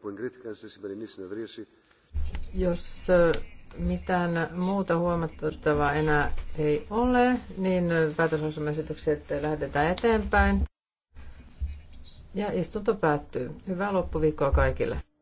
που εγκρίθηκαν στη σημερινή συνεδρίαση. Jos mitään muuta huomattavaa enää ei ole, niin päätösosumesitykset lähetetään eteenpäin. Ja istunto päättyy. Hyvää loppuviikkoa kaikille.